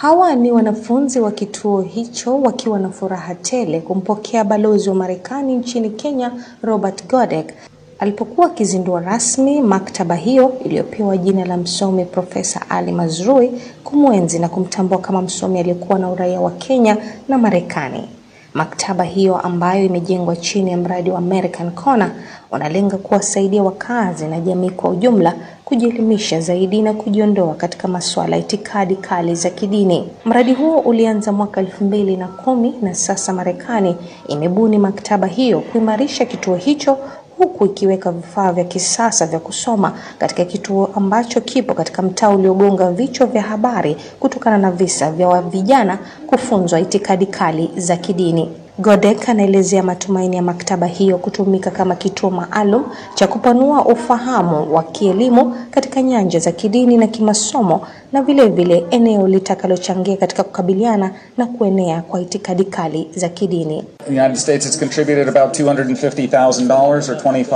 Hawa ni wanafunzi wa kituo hicho wakiwa na furaha tele kumpokea balozi wa Marekani nchini Kenya Robert godek alipokuwa akizindua rasmi maktaba hiyo iliyopewa jina la msomi Profesa Ali Mazrui kumwenzi na kumtambua kama msomi aliyekuwa na uraia wa Kenya na Marekani. Maktaba hiyo ambayo imejengwa chini ya mradi wa American Corner unalenga kuwasaidia wakazi na jamii kwa ujumla kujielimisha zaidi na kujiondoa katika masuala ya itikadi kali za kidini. Mradi huo ulianza mwaka elfu mbili na kumi na sasa Marekani imebuni maktaba hiyo kuimarisha kituo hicho huku ikiweka vifaa vya kisasa vya kusoma katika kituo ambacho kipo katika mtaa uliogonga vichwa vya habari kutokana na visa vya vijana kufunzwa itikadi kali za kidini. Godek anaelezea matumaini ya maktaba hiyo kutumika kama kituo maalum cha kupanua ufahamu wa kielimu katika nyanja za kidini na kimasomo na vilevile vile eneo litakalochangia katika kukabiliana na kuenea kwa itikadi kali za kidini.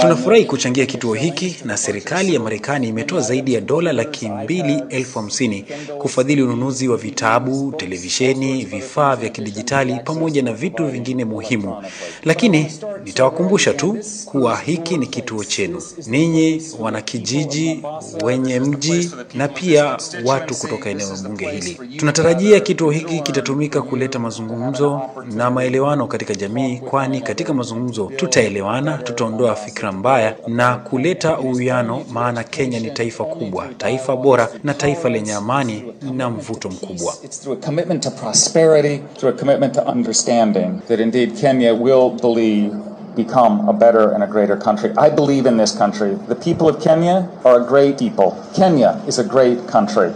Tunafurahi kuchangia kituo hiki na serikali ya Marekani imetoa zaidi ya dola laki mbili elfu hamsini kufadhili ununuzi wa vitabu, televisheni, vifaa vya kidijitali pamoja na vitu vingine nyingine muhimu, lakini nitawakumbusha tu kuwa hiki ni kituo chenu ninyi wanakijiji, wenye mji na pia watu kutoka eneo bunge hili. Tunatarajia kituo hiki kitatumika kuleta mazungumzo na maelewano katika jamii, kwani katika mazungumzo tutaelewana, tutaondoa fikra mbaya na kuleta uwiano, maana Kenya ni taifa kubwa, taifa bora na taifa lenye amani na mvuto mkubwa that indeed Kenya will believe become a better and a greater country. I believe in this country. The people of Kenya are a great people. Kenya is a great country.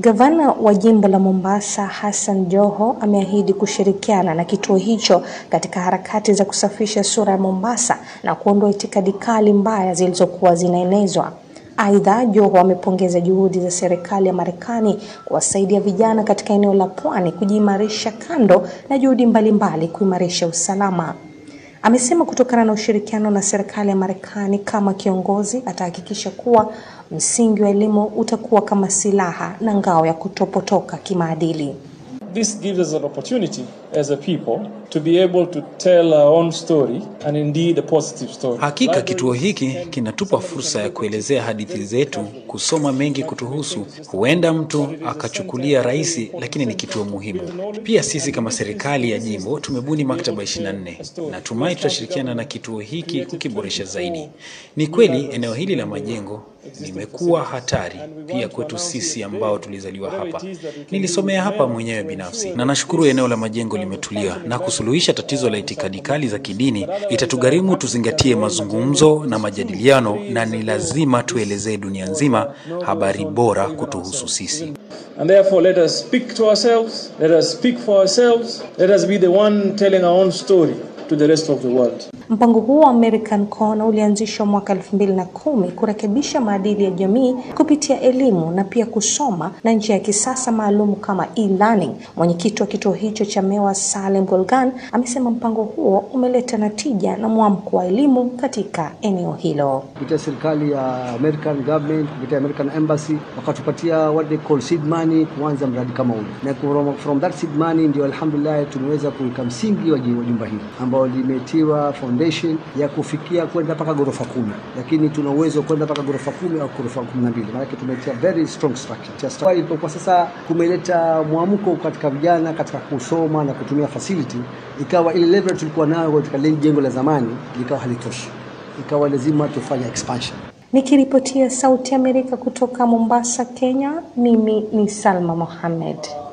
Gavana wa jimbo la Mombasa Hassan Joho ameahidi kushirikiana na kituo hicho katika harakati za kusafisha sura ya Mombasa na kuondoa itikadi kali mbaya zilizokuwa zinaenezwa. Aidha, Joho amepongeza juhudi za serikali ya Marekani kuwasaidia vijana katika eneo la pwani kujiimarisha, kando na juhudi mbalimbali kuimarisha usalama. Amesema kutokana na ushirikiano na serikali ya Marekani, kama kiongozi atahakikisha kuwa msingi wa elimu utakuwa kama silaha na ngao ya kutopotoka kimaadili. This gives us an opportunity as a people to be able to tell our own story and indeed a positive story. Hakika kituo hiki kinatupa fursa ya kuelezea hadithi zetu, kusoma mengi kutuhusu. Huenda mtu akachukulia rahisi, lakini ni kituo muhimu. Pia sisi kama serikali ya jimbo tumebuni maktaba 24. Natumai tutashirikiana na kituo hiki kukiboresha zaidi. Ni kweli eneo hili la majengo limekuwa hatari pia kwetu sisi ambao tulizaliwa hapa. Nilisomea hapa mwenyewe binafsi na nashukuru eneo la majengo limetulia na kusuluhisha tatizo la itikadi kali za kidini, itatugharimu tuzingatie mazungumzo na majadiliano, na ni lazima tuelezee dunia nzima habari bora kutuhusu sisi. And therefore let us speak to ourselves, let us speak for ourselves, let us be the one telling our own story to the rest of the world. Mpango huo wa American Corner ulianzishwa mwaka 2010 kurekebisha maadili ya jamii kupitia elimu na pia kusoma na njia ya kisasa maalum kama e-learning. Mwenyekiti wa kituo hicho cha Mewa Salem Golgan amesema mpango huo umeleta natija na mwamko wa elimu katika eneo hilo. Kupitia serikali ya American government, kupitia American embassy wakatupatia what they call seed money kuanza mradi kama huu. na from, from that seed money ndio alhamdulillah tumeweza kuweka msingi wa jumba hili ambao ambao limetiwa foundation ya kufikia kwenda mpaka ghorofa kumi, lakini tuna uwezo kwenda mpaka ghorofa kumi au ghorofa kumi na mbili, maanake tumetia very strong structure Kwa sasa kumeleta mwamko katika vijana katika kusoma na kutumia facility, ikawa ile level tulikuwa nayo katika lile jengo la zamani likawa halitoshi, ikawa lazima tufanye expansion. Nikiripotia Sauti ya Amerika kutoka Mombasa, Kenya, mimi ni Salma Mohamed.